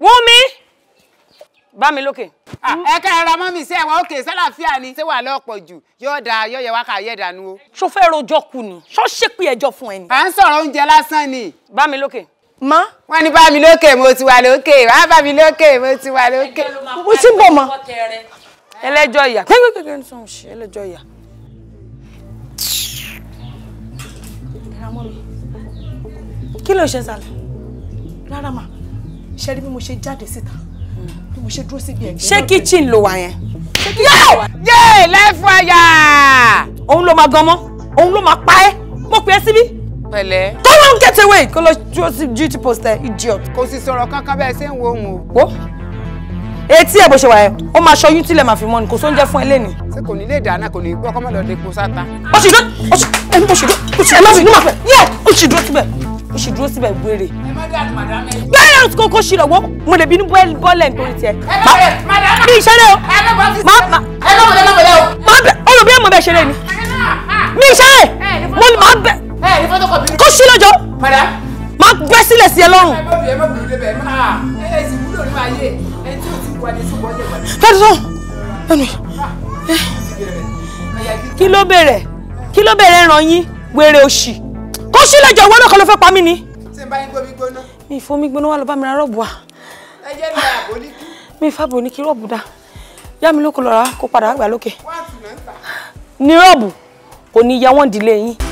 Wúmi bá mi lókè. Ah, ẹ káàárọ̀ mọ́mì sí ẹ̀wọ̀n òkè sálàfíà ni ṣé wà lọ́pọ̀ jù yóò da yọ̀yẹ̀ wákà ayé ìdànù o. ṣó fẹ́ rojọ́ kù ni ṣó ṣépè ẹjọ́ fún ẹ ni. à ń sọ̀rọ̀ oúnjẹ lásán ni. bá mi lókè. mọ. wọ́n ní bá mi lókè mo ti wà lókè wá bá mi lókè mo ti wà lókè. mo ti bọ̀ mọ́. ẹlẹ́jọ́ ìyà. ẹlẹ́jọ́ ìyà. kí ló ṣe sálẹ̀ rárá máa ṣe rí bí mo ṣe jáde síta bí mo ṣe dúró síbi ẹ̀gbẹ́ ṣé kitchen ló wà yẹn. yé lẹ́fún ẹ̀yà. òun ló máa gan mọ́ òun ló máa pa ẹ́ mo pè é síbí. pẹ̀lẹ́. go on get away kó lọ dúró sí duty post ẹ idiot. kò sì sọ̀rọ̀ kankan bẹ́ẹ̀ ṣé ń wo òun o. wo etí ẹ̀ bó ṣe wà yẹn ó máa ṣọyún tílẹ̀ máa fi mọ́ ni kò sóúnjẹ fún ẹ lẹ́ni. ṣé kò ní lè dáná kò ní gbọ́ kọ́mọ́lọ́dẹ kó sáta. oṣù dúró oṣù ẹ má fi inú máa fẹ́ yẹ oṣù dúró síbẹ̀ o sì dúró síbẹ̀ gbére. bẹ́ẹ̀ ni kókó ṣì lọ́wọ́ mo lè bínú bọ́ọ̀lẹ̀ nítorí tiẹ̀. bí ìṣeré o má má má bẹ olùbí ẹ̀ mọ̀ bẹ́ẹ̀ ṣeré ni bí ìṣeré mo lè má bẹ kó ṣì lọ́jọ́ má gbẹ́ sílẹ̀ sí ẹ lọ́rùn. tọ́tọ́ ẹnu kí ló bèrè kí ló bèrè ràn yín wèrè òṣì ó sílẹ̀ jọ ìwọ náà kan ló fẹ́ pa mí ni. ṣé n bá yín gbómi gbóná. mi ì fomi gbóná wá lọ bá mi ra rọ́ọ̀bù wa. ẹ jẹ́ mi àbò mi ì fàbò rọ́ọ̀bù dá yá mi lóko lọ́ra kó padà wá gbà lókè. wá àtúnà ń ta. ní rọ́ọ̀bù kò ní ya wọ́n dílé yín.